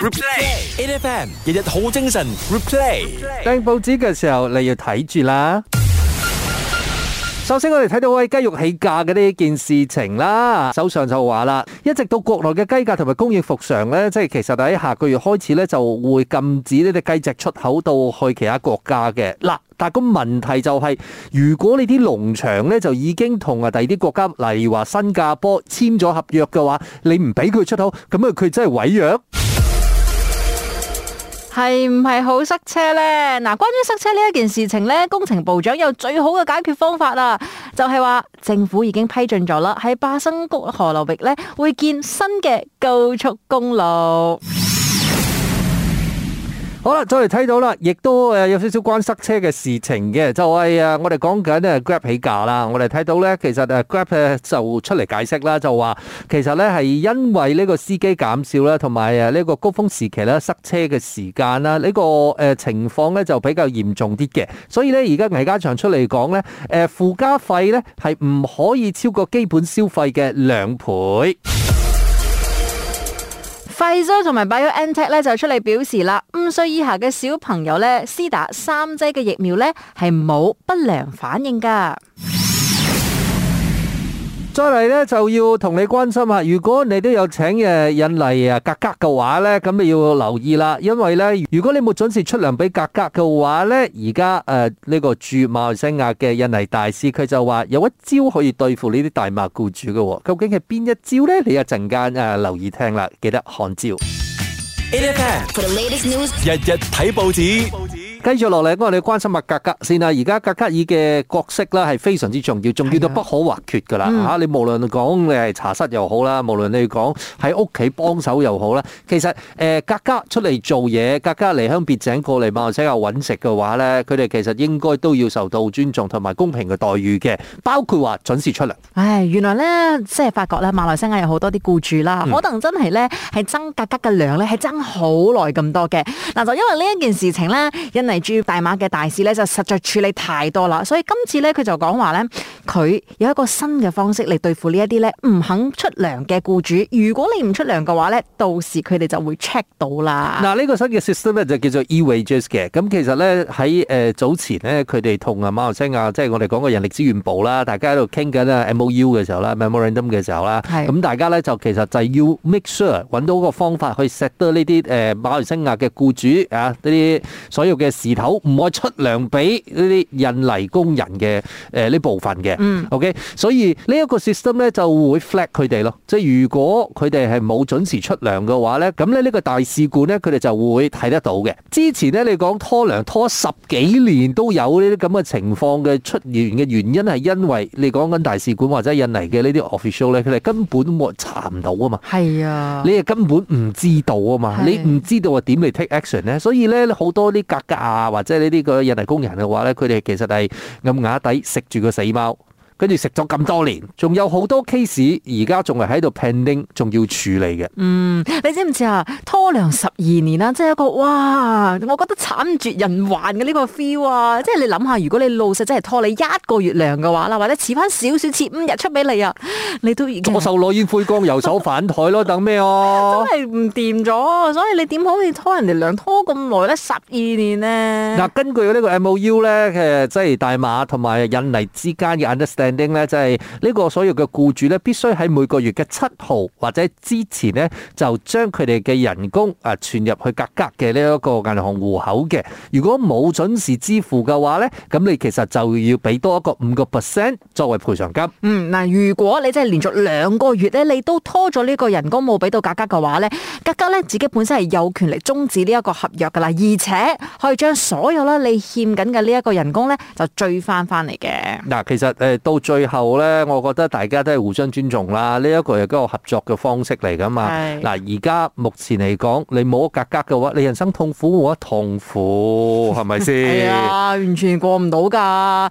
Replay A F M，日日好精神。Replay 訂報紙嘅時候，你要睇住啦。首先，我哋睇到喂，雞肉起價嘅呢件事情啦。首相就話啦，一直到國內嘅雞價同埋供應復常咧，即係其實喺下個月開始咧就會禁止呢啲雞隻出口到去其他國家嘅。嗱，但係個問題就係，如果你啲農場咧就已經同啊第二啲國家，例如話新加坡簽咗合約嘅話，你唔俾佢出口，咁啊佢真係毀約。係唔係好塞車呢？嗱，關於塞車呢一件事情，工程部長有最好嘅解決方法啊，就係話政府已經批准咗啦，喺巴生谷河流域咧會建新嘅高速公路。好啦，再嚟睇到啦，亦都有少少關塞車嘅事情嘅，就係啊，我哋講緊呢 Grab 起價啦，我哋睇到呢，其實 Grab 就出嚟解釋啦，就話其實呢係因為呢個司機減少啦，同埋呢個高峰時期啦塞車嘅時間啦，呢個情況呢就比較嚴重啲嘅，所以呢，而家魏家祥出嚟講呢，附加費呢係唔可以超過基本消費嘅兩倍。輝瑞同埋 BioNTech 咧就出嚟表示啦，五歲以下嘅小朋友咧，施打三劑嘅疫苗咧，係冇不良反應噶。再嚟咧就要同你關心下，如果你都有請誒印尼啊格格嘅話咧，咁你要留意啦，因為咧如果你冇準時出糧俾格格嘅話咧，而家誒呢個駐馬來西亞嘅印尼大使，佢就話有一招可以對付呢啲大馬僱主嘅，哦，究竟係邊一招咧？你一陣間留意聽啦，記得看招。日日睇報紙。繼續落嚟，我哋關心下格格先啦。而家格格爾嘅角色咧係非常之重要，重要到不可或缺噶啦嚇。你無論講你係茶室又好啦，無論你講喺屋企幫手又好啦，其實誒格格出嚟做嘢，格格離鄉別井過嚟馬來西亞揾食嘅話咧，佢哋其實應該都要受到尊重同埋公平嘅待遇嘅，包括話準時出糧。唉，原來咧即係發覺咧，馬來西亞有好多啲僱主啦，可能真係咧係爭格格嘅糧咧係爭好耐咁多嘅。嗱，就因為呢一件事情咧，人嚟住大馬嘅大使咧，就實在處理太多啦，所以今次咧佢就講話咧，佢有一個新嘅方式嚟對付呢一啲咧唔肯出糧嘅雇主。如果你唔出糧嘅話咧，到時佢哋就會 check 到啦。嗱，呢個新嘅 system 咧就叫做 e-wages 嘅。咁其實咧喺誒早前咧，佢哋同啊馬來西亞即係、就是、我哋講個人力資源部啦，大家喺度傾緊啊 MOU 嘅時候啦，memorandum 嘅時候啦，咁是大家咧就其實就要 make sure 揾到一個方法去 set 得呢啲誒馬來西亞嘅雇主啊呢啲所有嘅。時頭唔會出糧俾呢啲印尼工人嘅誒呢部分嘅、嗯，OK，所以呢一個 system 咧就會 flag 佢哋咯。即係如果佢哋係冇準時出糧嘅話咧，咁咧呢個大使館咧佢哋就會睇得到嘅。之前咧你講拖糧拖十幾年都有呢啲咁嘅情況嘅出現，嘅原因係因為你講緊大使館或者印尼嘅呢啲 official 咧，佢哋根本冇查唔到啊嘛，係啊，你係根本唔知道啊嘛，啊你唔知道話點嚟 take action 咧，所以咧好多啲格格。啊，或者呢啲個印尼工人嘅話咧，佢哋其實係暗啞底食住個死貓。跟住食咗咁多年，仲有好多 case 而家仲係喺度 pending，仲要處理嘅。嗯，你知唔知啊？拖糧十二年啦、啊，即係一個哇，我覺得慘絕人寰嘅呢個 feel 啊！即係你諗下，如果你老實真係拖你一個月糧嘅話啦，或者遲翻少少，遲五日出俾你啊，你都已經左手攞煙灰缸，右 手反台咯，等咩哦、啊？都係唔掂咗，所以你點可以拖人哋糧拖咁耐咧？十二年呢、啊？嗱、啊，根據呢個 MOU 咧，即係大馬同埋印尼之間嘅 understand。定定咧，就係呢個所有嘅僱主呢，必須喺每個月嘅七號或者之前呢，就將佢哋嘅人工啊，存入去格格嘅呢一個銀行戶口嘅。如果冇準時支付嘅話呢，咁你其實就要俾多一個五個 percent 作為賠償金。嗯，嗱，如果你真係連續兩個月呢，你都拖咗呢個人工冇俾到格格嘅話呢，格格呢自己本身係有權力終止呢一個合約噶啦，而且可以將所有呢你欠緊嘅呢一個人工呢，就追翻翻嚟嘅。嗱，其實誒到。呃最後咧，我覺得大家都係互相尊重啦。呢、這、一個係一個合作嘅方式嚟噶嘛。嗱是，而家目前嚟講，你冇格格嘅話，你人生痛苦冇得痛苦，係咪先？係啊 、哎，完全過唔到噶。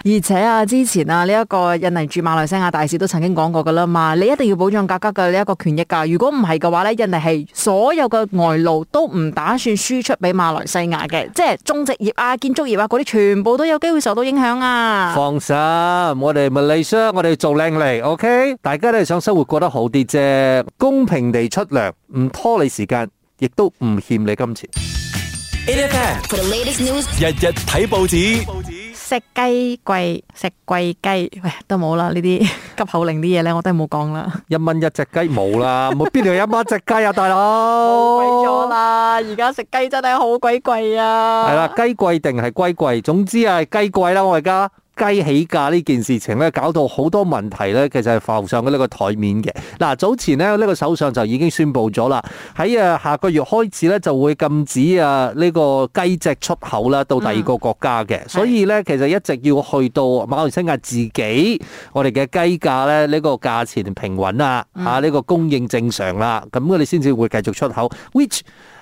而且啊，之前啊，呢、這、一個印尼駐馬來西亞大使都曾經講過噶啦嘛，你一定要保障格格嘅呢一個權益噶。如果唔係嘅話咧，印尼係所有嘅外勞都唔打算輸出俾馬來西亞嘅，即係種植業啊、建築業啊嗰啲，全部都有機會受到影響啊。放心，我哋我哋做靚嚟，OK？大家都係想生活過得好啲啫，公平地出糧，唔拖你時間，亦都唔欠你金錢。日日睇報紙，食雞貴，食貴雞，喂，都冇啦呢啲急口令啲嘢咧，我都係冇講啦。一蚊一隻雞冇啦，邊度一一蚊隻雞啊，大佬！冇咗啦，而家食雞真係好鬼貴啊！係啦，雞貴定係龜貴，總之係雞貴啦，我而家。雞起價呢件事情咧，搞到好多問題咧，其實係浮上咗呢個台面嘅。嗱，早前咧呢個首相就已經宣佈咗啦，喺啊下個月開始咧就會禁止啊呢個雞隻出口啦到第二個國家嘅，所以咧其實一直要去到馬來西亞自己，我哋嘅雞價咧呢個價錢平穩啦，啊呢個供應正常啦，咁你先至會繼續出口。Which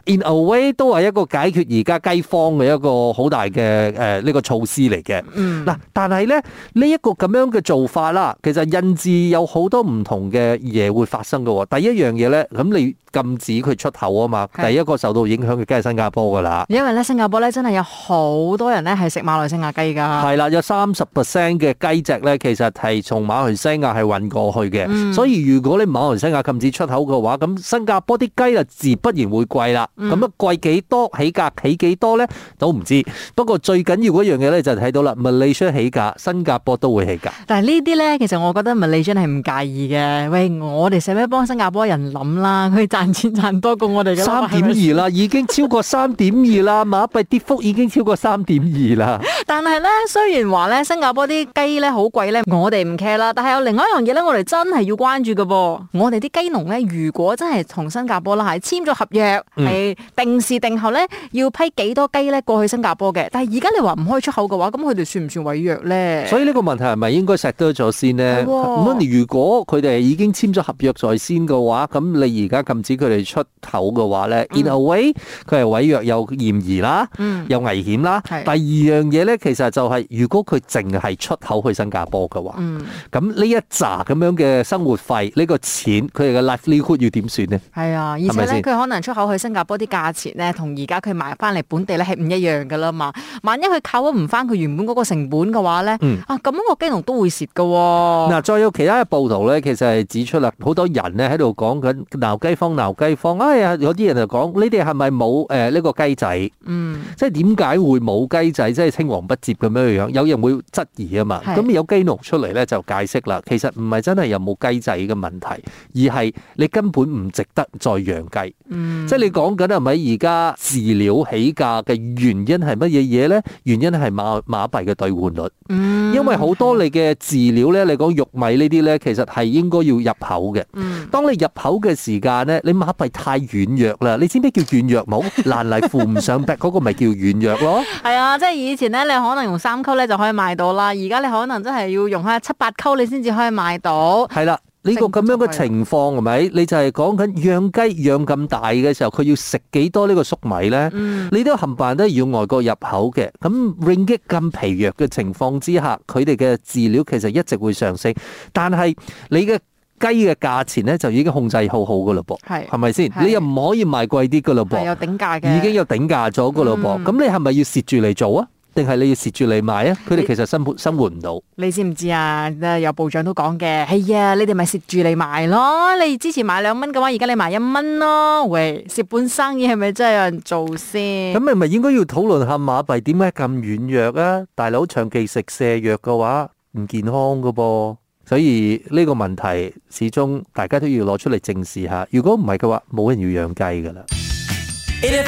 In a way 都係一個解決而家雞荒嘅一個好大嘅誒呢個措施嚟嘅。嗱，但係咧呢一個咁樣嘅做法啦，其實引致有好多唔同嘅嘢會發生嘅。第一樣嘢咧，咁你。禁止佢出口啊嘛，第一個受到影響嘅梗係新加坡㗎啦。因為咧，新加坡咧真係有好多人咧係食馬來西亞雞㗎。係啦，有三十 percent 嘅雞隻咧，其實係從馬來西亞係運過去嘅。嗯、所以如果你馬來西亞禁止出口嘅話，咁新加坡啲雞啊，自不然會貴啦。咁啊、嗯，樣貴幾多起價起幾多咧，都唔知。不過最緊要嗰樣嘢咧，就睇到啦，Malaysia 起價，新加坡都會起價。但係呢啲咧，其實我覺得 Malaysia 係唔介意嘅。喂，我哋使唔使幫新加坡人諗啦？佢賺多過我哋嘅三點二啦，已經超過三點二啦，馬幣跌幅已經超過三點二啦。但係咧，雖然話咧，新加坡啲雞咧好貴咧，我哋唔 care 啦。但係有另外一樣嘢咧，我哋真係要關注嘅噃。我哋啲雞農咧，如果真係同新加坡啦係簽咗合約，係、嗯、定時定候咧要批幾多雞咧過去新加坡嘅。但係而家你話唔可以出口嘅話，咁佢哋算唔算違約咧？所以呢個問題係咪應該錫多咗先呢？哦、如果佢哋已經簽咗合約在先嘅話，咁你而家禁止。佢哋出口嘅話咧，in a way 佢係毀約有嫌疑啦，嗯，有危險啦。是第二樣嘢咧，其實就係如果佢淨係出口去新加坡嘅話，嗯，咁呢一紮咁樣嘅生活費呢、呢個錢，佢哋嘅 life liquid 要點算呢？係啊，而且咧佢吧可能出口去新加坡啲價錢咧，同而家佢買翻嚟本地咧係唔一樣噶啦嘛。萬一佢扣咗唔翻佢原本嗰個成本嘅話咧，嗯，啊咁我經營都會蝕噶喎。嗱、啊，再有其他嘅報道咧，其實係指出啦，好多人咧喺度講緊鬧雞方牛雞方，哎呀，有啲人就講：你哋係咪冇誒呢個雞仔？嗯，即係點解會冇雞仔？即係青黃不接咁樣樣，有人會質疑啊嘛。咁是有雞農出嚟咧，就解釋啦。其實唔係真係有冇雞仔嘅問題，而係你根本唔值得再養雞。嗯，即係你講緊係咪而家飼料起價嘅原因係乜嘢嘢咧？原因係馬馬幣嘅兌換率。嗯，因為好多你嘅飼料咧，你講玉米呢啲咧，其實係應該要入口嘅。嗯，當你入口嘅時間咧。你馬幣太軟弱啦！你知咩叫軟弱冇？ 爛泥扶唔上壁嗰個咪叫軟弱咯。係 啊，即係以前咧，你可能用三溝咧就可以買到啦。而家你可能真係要用下七八溝你先至可以買到。係啦、啊，呢、呢個咁樣嘅情況係咪？你就係講緊養雞養咁大嘅時候，佢要食幾多呢個粟米咧？嗯、你都冚唪唥都要外國入口嘅。咁 ringgit 咁疲弱嘅情況之下，佢哋嘅飼料其實一直會上升，但係你嘅雞嘅價錢咧就已經控制好好噶啦噃，係咪先？吧是你又唔可以賣貴啲噶啦噃，頂價，已經有頂價嘅，已經有頂價咗噶啦噃。咁你係咪要蝕住嚟做啊？定係你要蝕住嚟賣啊？佢哋其實生活生活唔到，你，你知唔知啊？有部長都講嘅，係啊，你哋咪蝕住嚟賣咯。你之前買兩蚊嘅話，而家你賣一蚊咯。喂，蝕本生意係咪真係有人做先？咁你咪應該要討論下馬幣點解咁軟弱啊？大佬長期食瀉藥嘅話唔健康噶噃。所以呢個問題始終大家都要攞出嚟正視下。如果唔係嘅話，冇人要養雞噶啦。Air,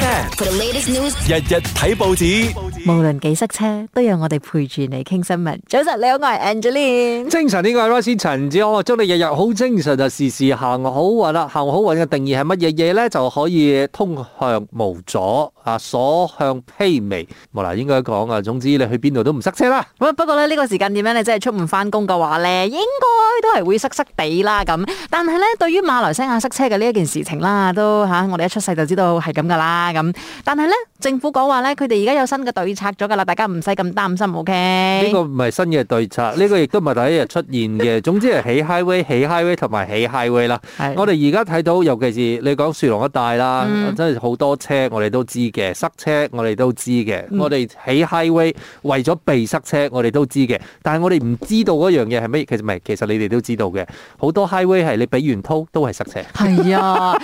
news, 日日睇報紙，報紙，無論幾塞車，都有我哋陪住你傾新聞。早晨你好，我係 Angeline。精神呢個係阿 Sir 陳子，我祝你日日好精神就時時行好運啦。行好運嘅定義係乜嘢嘢咧？就可以通向無阻。啊，所向披靡，冇嗱，應該講啊。總之你去邊度都唔塞車啦。不過咧，呢個時間點樣咧，你真係出唔翻工嘅話咧，應該都係會塞塞地啦。咁，但係咧，對於馬來西亞塞車嘅呢一件事情啦，都嚇我哋一出世就知道係咁噶啦。咁，但係咧，政府講話咧，佢哋而家有新嘅對策咗㗎啦，大家唔使咁擔心，OK？呢個唔係新嘅對策，呢個亦都唔係第一日出現嘅。總之係起 highway、起 highway 同埋起 highway 啦。係。我哋而家睇到，尤其是你講雪隆一帶啦，真係好多車，我哋都知。塞車我，我哋都知嘅。我哋起 highway 為咗避塞車，我哋都知嘅。但係我哋唔知道嗰樣嘢係咩？其實唔係，其實你哋都知道嘅。好多 highway 係你俾完濤都係塞車。係啊。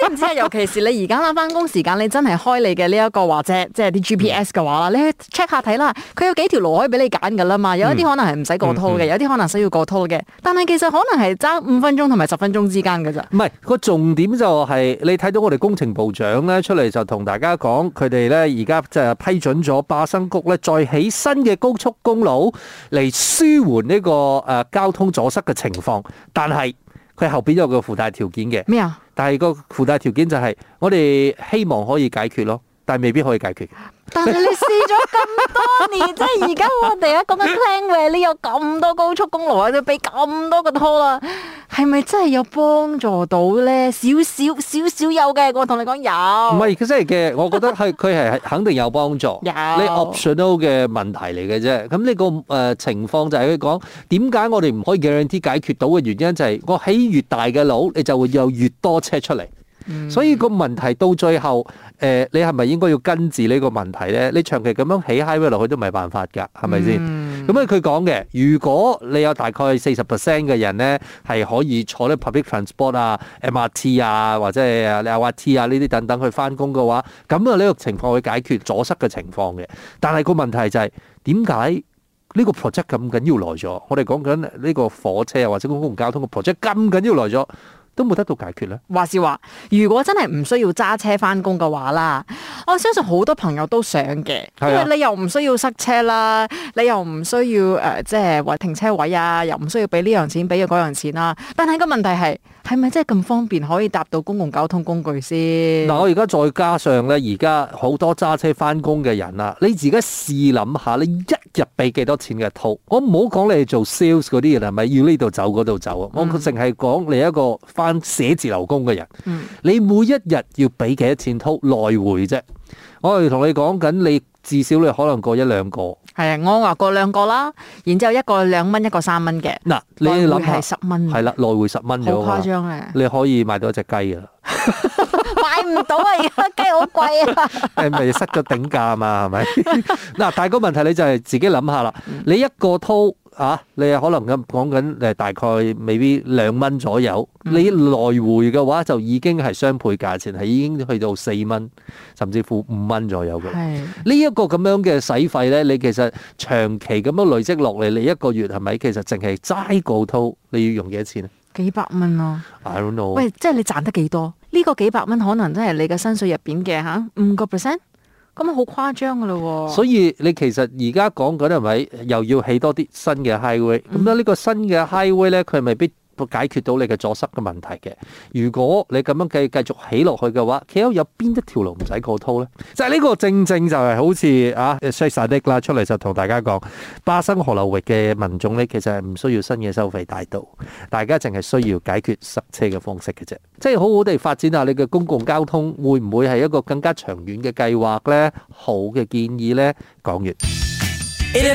即係，尤其是你而家啦，翻工時間你真係開你嘅呢一個話啫，即係啲 GPS 嘅話啦，你去 check 下睇啦，佢有幾條路可以俾你揀噶啦嘛？有一啲可能係唔使過拖嘅，有啲可能需要過拖嘅，但係其實可能係爭五分鐘同埋十分鐘之間㗎咋。唔係個重點就係、是、你睇到我哋工程部長咧出嚟，就同大家講，佢哋咧而家就批准咗巴生谷咧再起新嘅高速公路嚟舒緩呢個誒交通阻塞嘅情況，但係佢後邊有個附帶條件嘅咩啊？但係個附帶條件就係我哋希望可以解決咯。但係未必可以解決。但係你試咗咁多年， 即係而家我哋而家講緊 p l 你有咁多高速公路喺度俾咁多個拖啦，係咪真係有幫助到咧？少少少少有嘅，我同你講有。唔係佢真係嘅，我覺得係佢係肯定有幫助。 有你 optional 嘅問題嚟嘅啫。咁呢個誒情況就係佢講點解我哋唔可以嘅 a n 解決到嘅原因就係、是、我起越大嘅路，你就會有越多車出嚟。所以個問題到最後，誒、呃、你係咪應該要根治呢個問題咧？你長期咁樣起 high 落去都唔係辦法㗎，係咪先？咁啊、mm，佢講嘅，如果你有大概四十 percent 嘅人咧，係可以坐呢 public transport 啊、MRT 啊或者你啊 RT 啊呢啲等等去翻工嘅話，咁啊呢個情況會解決阻塞嘅情況嘅。但係個問題就係點解呢個 project 咁緊要來咗？我哋講緊呢個火車或者公共交通嘅 project 咁緊要來咗。都冇得到解決咧，話時話，如果真係唔需要揸車翻工嘅話啦，我相信好多朋友都想嘅，因為你又唔需要塞車啦，你又唔需要誒，即係話停車位啊，又唔需要俾呢樣錢，俾嗰樣錢啦。但係個問題係，係咪真係咁方便可以搭到公共交通工具先？嗱，我而家再加上咧，而家好多揸車翻工嘅人啊，你而家試諗下，你一日俾幾多錢嘅套？我唔好講你做 sales 嗰啲人係咪要呢度走嗰度走啊？我淨係講你一個翻寫字樓工嘅人，嗯、你每一日要俾幾多錢？套來回啫，我哋同你講緊，你至少你可能過一兩個。係啊，我話過兩個啦，然之後一個兩蚊，一個三蚊嘅。嗱、啊，你諗係十蚊，係啦，來回十蚊，好誇張，你可以買到隻雞啊？ 買唔到啊！而家雞好貴啊！誒，咪失咗頂價嘛？係咪？嗱，但係個問題你就係自己諗下啦。嗯、你一個套。啊！你係可能咁講緊，誒大概未必兩蚊左右。嗯、你來回嘅話就已經係雙倍價錢，係已經去到四蚊，甚至乎五蚊左右嘅。係呢一個咁樣嘅使費咧，你其實長期咁樣累積落嚟，你一個月係咪其實淨係齋過濾，你要用多幾多錢啊？幾百蚊咯。I don't know。喂，即係你賺得幾多？呢、呢個幾百蚊可能真係你嘅薪水入邊嘅嚇，五個 percent。咁好誇張噶嘞喎！所以你其實而家講緊係咪又要起多啲新嘅 highway？咁咧呢、嗯、個新嘅 highway 咧，佢係未必解決到你嘅阻塞嘅問題嘅。如果你咁樣繼續起落去嘅話，企喺有邊一條路唔使過濫呢？就係、是、呢個正正就係好似啊 Sasha Nick 啦出嚟就同大家講，巴生河流域嘅民眾呢，其實係唔需要新嘅收費大道，大家淨係需要解決塞車嘅方式嘅啫。即、就、係、是、好好地發展下你嘅公共交通，會唔會係一個更加長遠嘅計劃呢？好嘅建議呢，講完。日日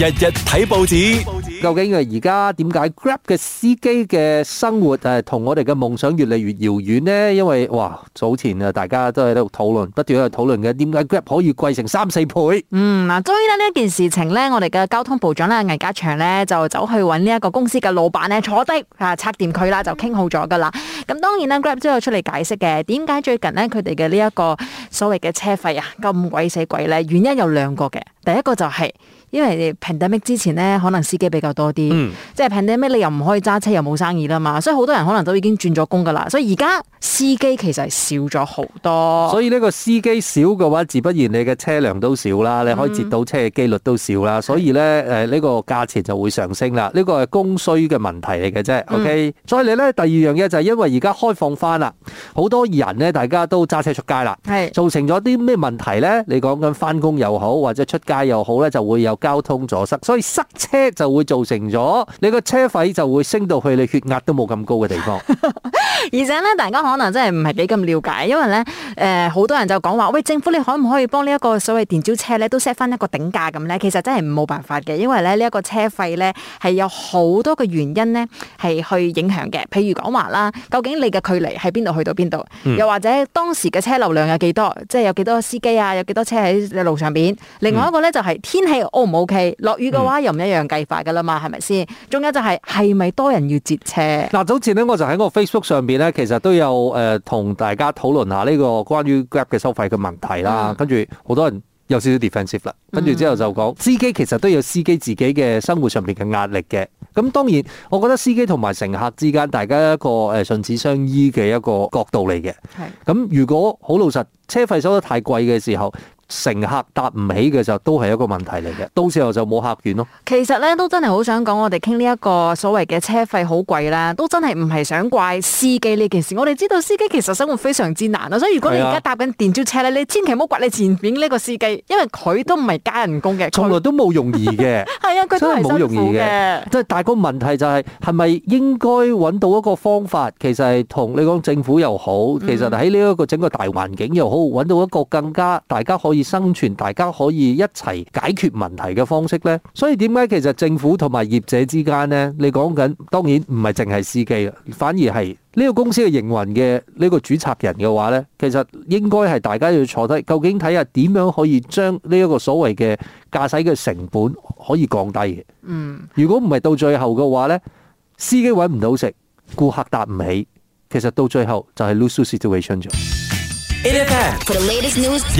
睇報紙，究竟啊而家點解 Grab 嘅司機嘅生活誒同我哋嘅夢想越嚟越遙遠咧？因為哇，早前啊，大家都喺度討論，不斷喺度討論嘅，點解 Grab 可以貴成三四倍？嗯，嗱，終於咧呢一件事情咧，我哋嘅交通部長咧，魏家祥咧就走去搵呢一個公司嘅老闆咧坐低啊，拆掂佢啦，就傾好咗噶啦。咁當然啦，Grab 之後出嚟解釋嘅點解最近咧佢哋嘅呢一個所謂嘅車費啊咁鬼死貴咧，原因有兩個嘅。第一個就係、是。因為疫情咩之前咧，可能司機比較多啲，嗯、即係疫情咩，你又唔可以揸車，又冇生意啦嘛，所以好多人可能都已經轉咗工噶啦，所以而家司機其實少咗好多。所以呢個司機少嘅話，自不然你嘅車輛都少啦，你可以截到車嘅機率都少啦，嗯、所以咧呢個價錢就會上升啦。呢、呢個係供需嘅問題嚟嘅啫，OK、嗯。再嚟你咧第二樣嘢就係因為而家開放翻啦，好多人咧大家都揸車出街啦，做是造成咗啲咩問題咧？你講緊翻工又好，或者出街又好咧，就會有。交通阻塞，所以塞車就會造成咗你個車費就會升到去你血壓都冇咁高嘅地方。 而且咧，大家可能真係唔係幾咁了解，因為咧，誒、呃，好多人就講話：「喂，政府你可唔可以幫呢一個所謂電召車咧都 set 翻一個頂價咁咧？其實真係冇辦法嘅，因為咧呢一，這個車費咧係有好多嘅原因咧係去影響嘅。譬如講話啦，究竟你嘅距離喺邊度去到邊度，嗯、又或者當時嘅車流量有幾多，即係有幾多司機啊，有幾多車喺路上邊。」另外一個咧，嗯、就係天氣。OK，落雨嘅話又唔一樣計法噶啦嘛，係咪先？仲有就係係咪多人要截車？嗱，早前呢，我就喺個 Facebook 上邊咧，其實都有誒同大家討論下呢個關於 Grab 嘅收費嘅問題啦。跟住好多人有少少 defensive 啦，跟住之後就講、嗯、司機其實都有司機自己嘅生活上邊嘅壓力嘅。咁當然，我覺得司機同埋乘客之間，大家一個誒唇齒相依嘅一個角度嚟嘅。咁是，如果好老實，車費收得太貴嘅時候。乘客搭唔起嘅就都係一個問題嚟嘅，到時候就冇客源咯。其實咧，都真係好想講，我哋傾呢一個所謂嘅車費好貴啦，都真係唔係想怪司機呢件事。我哋知道司機其實生活非常之難啊，所以如果你而家搭緊電召車咧，的你千祈唔好怪你前面呢個司機，因為佢都唔係加人工嘅，從來都冇容易嘅。係啊， 佢都係冇容易嘅。即係但個問題就係、是，係咪應該揾到一個方法？其實係同你講政府又好，其實喺呢一個整個大環境又好，揾到一個更加大家可以。生存，大家可以一齊解決問題嘅方式呢。所以點解其實政府同埋業者之間呢？你講緊，當然唔係淨係司機，反而係呢個公司嘅營運嘅呢個主策人嘅話呢，其實應該係大家要坐低，究竟睇下，點樣可以將呢一個所謂嘅駕駛嘅成本可以降低嘅。嗯，如果唔係到最後嘅話呢，司機揾唔到食，顧客搭唔起，其實到最後就係 lose situation 咗。日日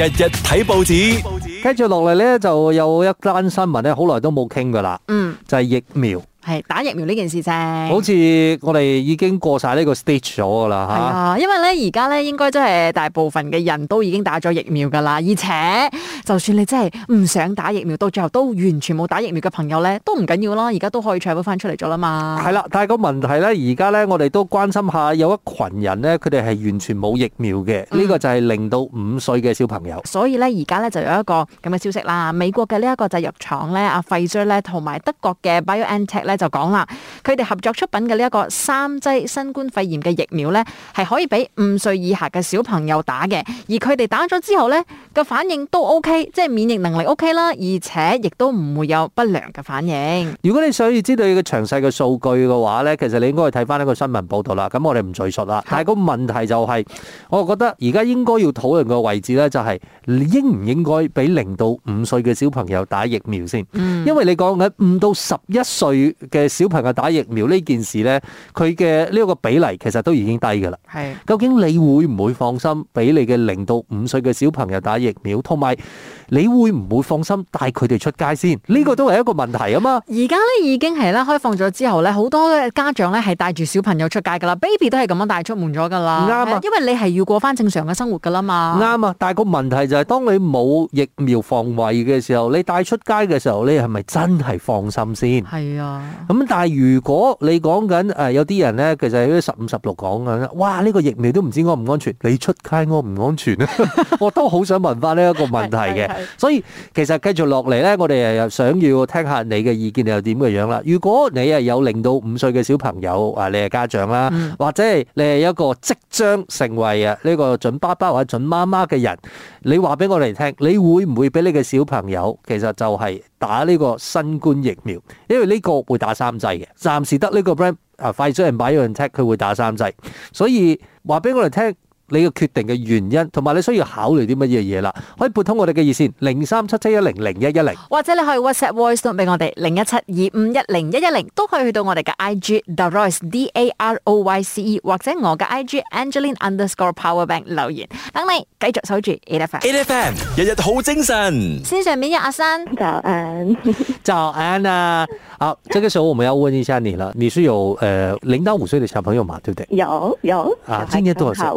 睇報紙，跟住落嚟咧就有一單新聞咧，好耐都冇傾噶啦，嗯，就係疫苗。係打疫苗呢件事啫，好似我哋已經過晒呢個 stage 咗噶啦，係啊，因為咧而家咧應該真係大部分嘅人都已經打咗疫苗噶啦，而且就算你真係唔想打疫苗，到最後都完全冇打疫苗嘅朋友咧都唔緊要啦，而家都可以出翻出嚟咗啦嘛。係啦、啊，但係個問題咧，而家咧我哋都關心下有一群人咧，佢哋係完全冇疫苗嘅，呢、嗯、個就係零到五歲嘅小朋友。所以咧而家咧就有一個咁嘅消息啦，美國嘅呢一個製藥廠咧啊，輝瑞咧同埋德國嘅 BioNTech 就講啦，佢哋合作出品嘅呢一個三劑新冠肺炎嘅疫苗呢，係可以俾五歲以下嘅小朋友打嘅，而佢哋打咗之後呢，個反應都 OK，即係免疫能力 OK 啦，而且亦都唔會有不良嘅反應。如果你想要知道一個詳細嘅數據嘅話呢，其實你應該去睇翻呢個新聞報道啦。咁我哋唔贅述啦。但係個問題就係、是，我覺得而家應該要討論嘅位置呢、就是，就係你應唔應該俾零到五歲嘅小朋友打疫苗先？嗯、因為你講緊五到十一歲。嘅小朋友打疫苗呢件事呢，佢嘅呢個比例其實都已經低㗎啦。係，是的 究竟你會唔會放心俾你嘅零到五歲嘅小朋友打疫苗，同埋你會唔會放心帶佢哋出街先？呢個都係一個問題啊嘛。而家咧已經係咧開放咗之後咧，好多家長咧係帶住小朋友出街噶啦，baby 都係咁樣帶出門咗噶啦。啱啊，吧，因為你係要過翻正常嘅生活噶啦嘛。啱啊，但係個問題就係，當你冇疫苗防衛嘅時候，你帶出街嘅時候，你係咪真係放心先？係啊。咁但係如果你講緊誒，有啲人咧，其實喺十五十六講緊，哇呢個疫苗都唔知安唔安全，你出街安唔安全？ 我都好想問翻呢一個問題嘅。 所以其實繼續落嚟呢，我哋又想要聽下你嘅意見又點嘅樣啦。如果你係有零到五歲嘅小朋友啊，你係家長啦，或者你係一個即將成為啊呢個準爸爸或者準媽媽嘅人，你話俾我哋聽，你會唔會俾你嘅小朋友其實就係打呢個新冠疫苗？因為呢個會打三劑嘅，暫時得呢個 brand 啊，快嘴人擺咗陣 test 佢會打三劑。所以話俾我哋聽。你嘅決定嘅原因，同埋你需要考慮啲乜嘢嘢啦？可以撥通我哋嘅熱線零三七七一零零一一零，10, 10，或者你可以 WhatsApp Voice 通俾我哋零一七二五一零一一零，110，都可以去到我哋嘅 IG Daroyce D A R O Y C E，或者我嘅 IG Angeline Underscore Powerbank 留言。等你繼續守住 E F M E F M，日日好精神。先 上面日阿新？早安，就 安啊！好，即，這個時候我們要問一下你啦，你是有呃，零到五歲嘅小朋友嘛？對唔對？有有啊，今日都少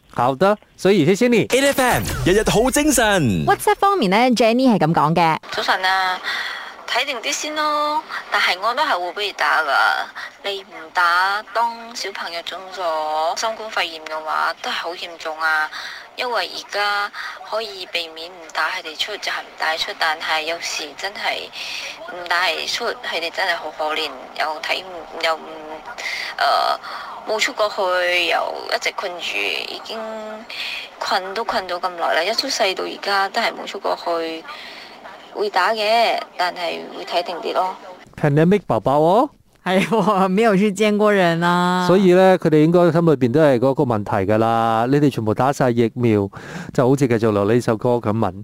好的，所以呢，Jenny，A F M 日日好精神。WhatsApp 方面呢 Jenny 係咁講嘅。早晨啊，睇定啲先咯。但係我都係會俾你打噶。你唔打，當小朋友中咗新冠肺炎嘅話，都係好嚴重啊。因為而家可以避免唔打佢哋出，就係唔帶出。但係有時真係唔帶出，佢哋真係好可憐，又睇又唔誒。呃冇出過去，又一直困住，已經困都困到咁耐啦！一出世到而家都係冇出過去，會打嘅，但係會睇定啲咯。pandemic 爸爸喎，係喎、哎，沒有去見過人啦、啊。所以咧，佢哋應該心裏面都係嗰個問題㗎啦。你哋全部打晒疫苗，就好似繼續落呢首歌咁問。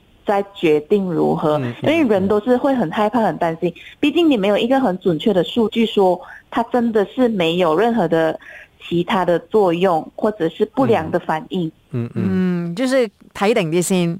再決定如何，因為人都是會很害怕、很擔心。畢竟你沒有一個很準確的數據說，說它真的是沒有任何的其他的作用，或者是不良的反應。嗯嗯，嗯，嗯，就是睇定啲先。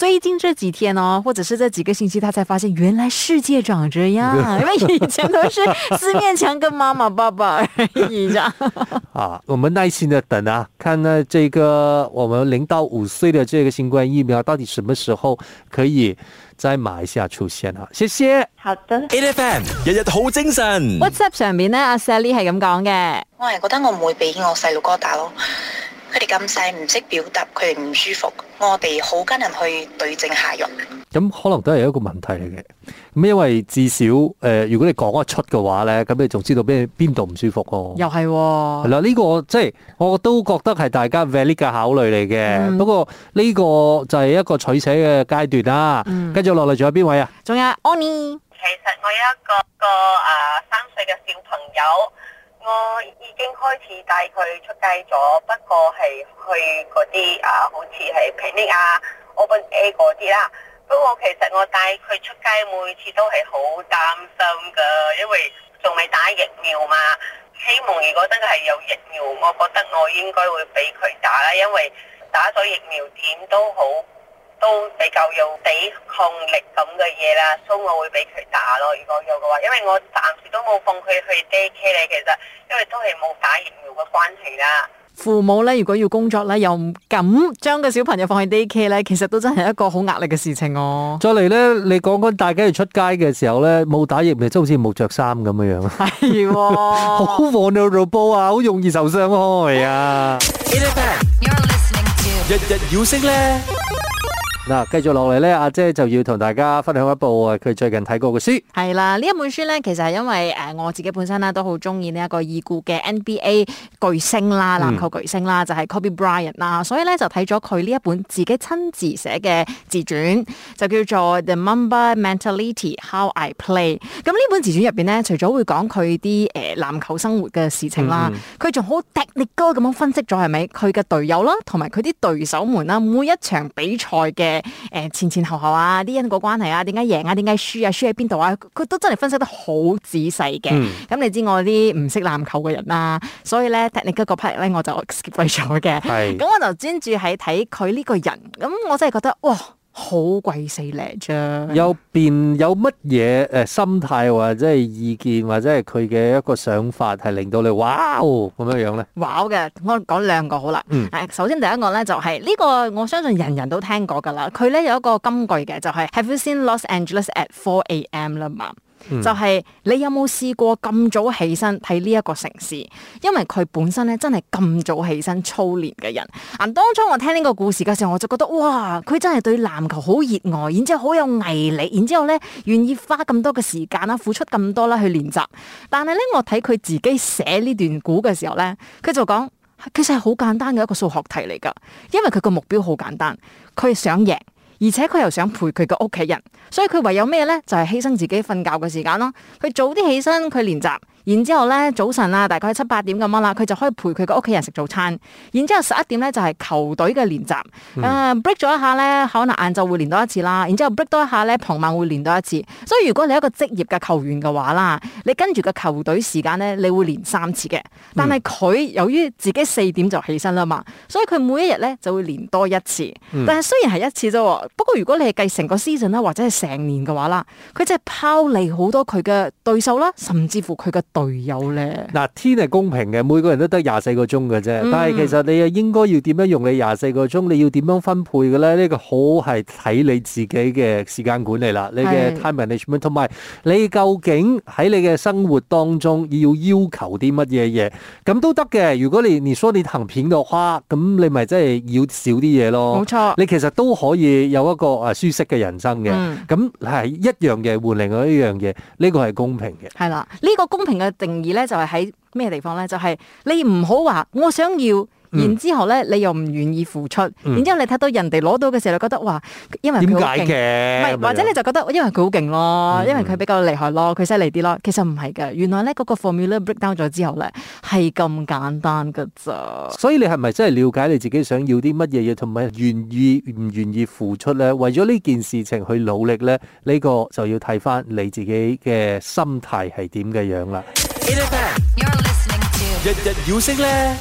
最近這幾天哦，或者是這幾個星期，他才發現原來世界長這樣，因為 以前都是四面牆跟媽媽爸爸而已。樣 啊，我們耐心的等啊，看呢這個我們零到五歲的這個新冠疫苗到底什麼時候可以在馬來西亞出現啊？謝謝。好的。a FM 日日好精神。WhatsApp 上面呢，阿 Sally 係咁講嘅，我係覺得我唔會俾我細路哥打咯。佢哋咁細唔識表達，佢哋唔舒服，我哋好跟人去對症下藥。咁可能都係一個問題嚟嘅，咁因為至少誒、呃，如果你講得出嘅話咧，咁你仲知道邊邊度唔舒服喎、啊？又係係啦，呢、這個即係我都覺得係大家 valid 嘅考慮嚟嘅。嗯、不過呢個就係一個取捨嘅階段啦、啊。跟住落嚟仲有邊位啊？仲有 Annie，其實我有一個一個三歲嘅小朋友。我已經開始帶佢出街咗，不過係去嗰啲啊，好似係 picnic 啊、Open Air 嗰啲啦。不過其實我帶佢出街，每次都係好擔心噶，因為仲未打疫苗嘛。希望如果真係有疫苗，我覺得我應該會俾佢打啦，因為打咗疫苗點都好。都比較有抵抗力咁嘅嘢啦，所以我會俾佢打咯。如果有嘅話，因為我暫時都冇放佢去 daycare 咧，其實因為都係冇打疫苗嘅關係啦。父母咧，如果要工作咧，又唔敢將個小朋友放去 daycare 咧，其實都真係一個好壓力嘅事情哦。再嚟咧，你講緊大家要出街嘅時候咧，冇打疫苗，即係好似冇着衫咁嘅樣，係，好 vulnerable 啊，好容易受傷害啊！日日要升咧。嗱，繼續落嚟咧，阿姐就要同大家分享一部佢最近睇過嘅書。係啦，呢一本書咧，其實係因為誒，我自己本身咧都好中意呢一個已故嘅 NBA 巨星啦，籃、嗯、球巨星啦，就係、是、Kobe Bryant 啦，所以咧就睇咗佢呢一本自己親自寫嘅自傳，就叫做 The Mamba Mentality: How I Play。咁呢本自傳入邊咧，除咗會講佢啲誒籃球生活嘅事情啦，佢仲好 technical 咁樣分析咗，係咪？佢嘅隊友啦，同埋佢啲對手們啦，每一場比賽嘅。誒，前前後後啊，啲因果關係啊，點解贏啊，點解輸啊，輸喺邊度啊？佢都真係分析得好仔細嘅。咁、嗯嗯、你知我啲唔識籃球嘅人啦、啊，所以咧 technical part 咧我就 skip 咗嘅。咁是、嗯、我就專注喺睇佢呢個人。咁、嗯、我真係覺得哇！好鬼死叻啫？邊有邊有乜嘢誒心態或者係意見或者係佢嘅一個想法係令到你哇咁、哦、樣樣咧？哇嘅、wow，我講兩個好啦。嗯，誒，首先第一個咧就係、是、呢、這個我相信人人都聽過噶啦。佢咧有一個金句嘅就係、是、Have you seen Los Angeles at 4am 嘛？嗯、就係你有冇試過咁早起身睇呢一個城市？因為佢本身咧真係咁早起身操練嘅人。嗱，當初我聽呢個故事嘅時候，我就覺得哇，佢真係對籃球好熱愛，然之後好有毅力，然之後咧願意花咁多嘅時間啦，付出咁多啦去練習。但係咧，我睇佢自己寫呢段故嘅時候咧，佢就講，其實係好簡單嘅一個數學題嚟噶，因為佢個目標好簡單，佢想贏。而且佢又想陪佢個屋企人，所以佢唯有咩呢？就係犧牲自己瞓覺嘅時間囉。佢早啲起身，佢練習。然之後咧，早晨啊，大概七八點咁樣啦，佢就可以陪佢個屋企人食早餐。然之後十一點咧就係球隊嘅練習。啊，嗯，呃，break 咗一下咧，可能晏晝會練多一次啦。然之後 break 多一下咧，傍晚會練多一次。所以如果你係一個職業嘅球員嘅話啦，你跟住個球隊時間咧，你會練三次嘅。但係佢由於自己四點就起身啦嘛，所以佢每一日咧就會練多一次。但係雖然係一次啫，不過如果你係計成個 season 啦，或者係成年嘅話啦，佢即係拋離好多佢嘅對手啦，甚至乎佢嘅隊友咧，嗱天係公平嘅，每個人都得廿四個鐘嘅啫。嗯、但係其實你又應該要點樣用你廿四個鐘？你要點樣分配嘅咧？呢、呢個好係睇你自己嘅時間管理啦，你嘅 time management 是。同埋你究竟喺你嘅生活當中要要求啲乜嘢嘢？咁都得嘅。如果你你所以騰片嘅話，咁你咪真係要少啲嘢咯。冇錯，你其實都可以有一個誒舒適嘅人生嘅。咁係、嗯、一樣嘢換另外一樣嘢，呢個係公平嘅。係啦，呢、呢個公平。嘅定義咧，就係喺咩地方咧？就係你唔好話我想要。然之後咧，你又唔願意付出，嗯、然之後你睇到人哋攞到嘅時候，你覺得哇，因為點解嘅？係，或者你就覺得因為佢好勁咯，嗯、因為佢比較厲害咯，佢犀利啲咯。其實唔係嘅，原來咧嗰個 formula breakdown 咗之後咧，係咁簡單噶咋。所以你係咪真係了解你自己想要啲乜嘢嘢，同埋願意唔願意付出咧？為咗呢件事情去努力咧，呢、呢個就要睇返你自己嘅心態係點嘅樣啦。In Japan, 日日要升咧。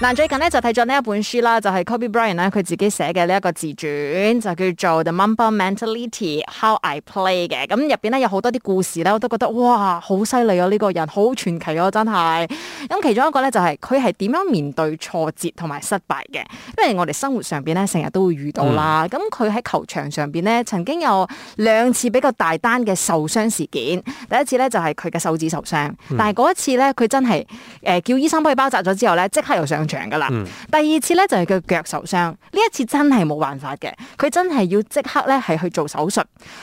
嗱，最近咧就睇咗呢一本書啦，就係、是、Kobe Bryant 咧佢自己寫嘅呢一個自傳，就叫做 The Mamba Mentality: How I Play 嘅。咁入邊咧有好多啲故事咧，我都覺得哇，好犀利啊！呢、這個人好傳奇啊，真係。咁其中一個咧就係佢係點樣面對挫折同埋失敗嘅，因為我哋生活上邊咧成日都會遇到啦。咁佢喺球場上邊咧，曾經有兩次比較大單嘅受傷事件。第一次咧就係佢嘅手指受傷，但係嗰一次咧佢真係誒叫醫生幫佢包紮咗之後咧，即刻又上。長噶啦，嗯、第二次咧就係個腳受傷，呢一次真係冇辦法嘅，佢真係要即刻咧係去做手術，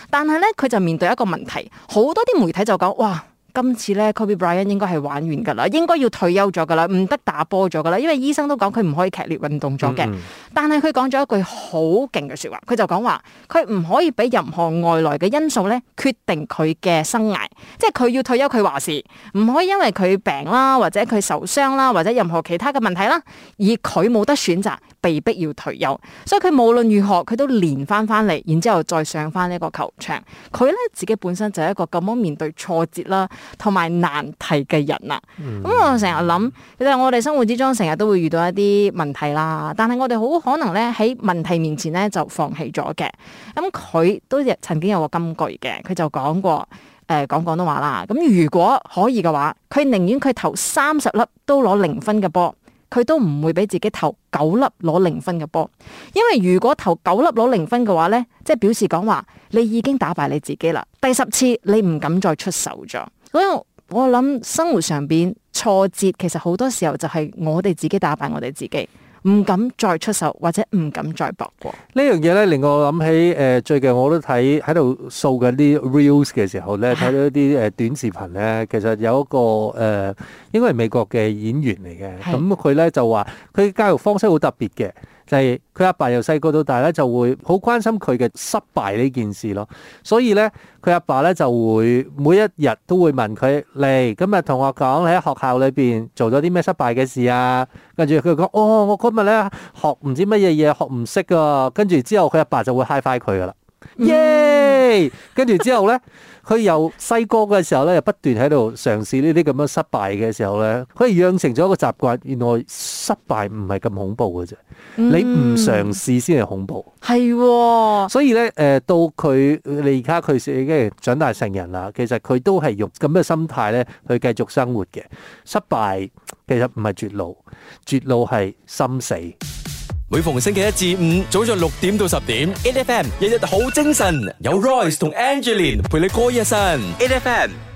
但係咧佢就面對一個問題，好多啲媒體就講哇。今次咧，Kobe Bryant 應該係玩完噶啦，應該要退休咗噶啦，唔得打波咗噶啦。因為醫生都講佢唔可以劇烈運動咗嘅。但係佢講咗一句好勁嘅說話，佢就講話：佢唔可以俾任何外來嘅因素咧決定佢嘅生涯，即係佢要退休佢，佢話事，唔可以因為佢病啦，或者佢受傷啦，或者任何其他嘅問題啦，而佢冇得選擇，被逼要退休。所以佢無論如何，佢都連翻翻嚟，然之後再上翻呢個球場。佢咧自己本身就係一個咁樣面對挫折啦同埋難題嘅人啊，咁我成日諗，其實我哋生活之中成日都會遇到一啲問題啦。但係我哋好可能咧喺問題面前咧就放棄咗嘅。咁佢都曾經有個金句嘅，佢就講過、呃、講過誒講廣東話啦。咁如果可以嘅話，佢寧願佢投三十粒都攞零分嘅波，佢都唔會俾自己投九粒攞零分嘅波，因為如果投九粒攞零分嘅話咧，即係表示講話你已經打敗你自己啦。第十次你唔敢再出手咗。所以我諗生活上邊挫折，其實好多時候就係我哋自己打敗我哋自己，唔敢再出手或者唔敢再搏過。這件事呢樣嘢咧令我諗起，誒最近我都睇喺度掃緊啲 reels 嘅時候咧，睇 到一啲誒短視頻咧，其實有一個誒、呃，應該係美國嘅演員嚟嘅，咁佢咧就話佢嘅教育方式好特別嘅。就係佢阿爸由細個到大咧就會好關心佢嘅失敗呢件事咯，所以咧佢阿爸咧就會每一日都會問佢嚟，今日同學講你喺學校裏面做咗啲咩失敗嘅事啊？跟住佢講哦，我今日咧學唔知乜嘢嘢學唔識啊，跟住之後佢阿爸就會 high 翻佢噶啦，耶！Yeah、 跟住之後咧。佢由細個嘅時候咧，又不斷喺度嘗試呢啲咁樣失敗嘅時候咧，佢係養成咗一個習慣。原來失敗唔係咁恐怖嘅啫，你唔嘗試先係恐怖。係、嗯，哦、所以咧，誒，到佢你而家佢已經係長大成人啦。其實佢都係用咁嘅心態咧去繼續生活嘅。失敗其實唔係絕路，絕路係心死。每逢星期一至五，早上六點到十點，8FM 日日好精神，有 Royce 同 Angelin 陪你過一生。8FM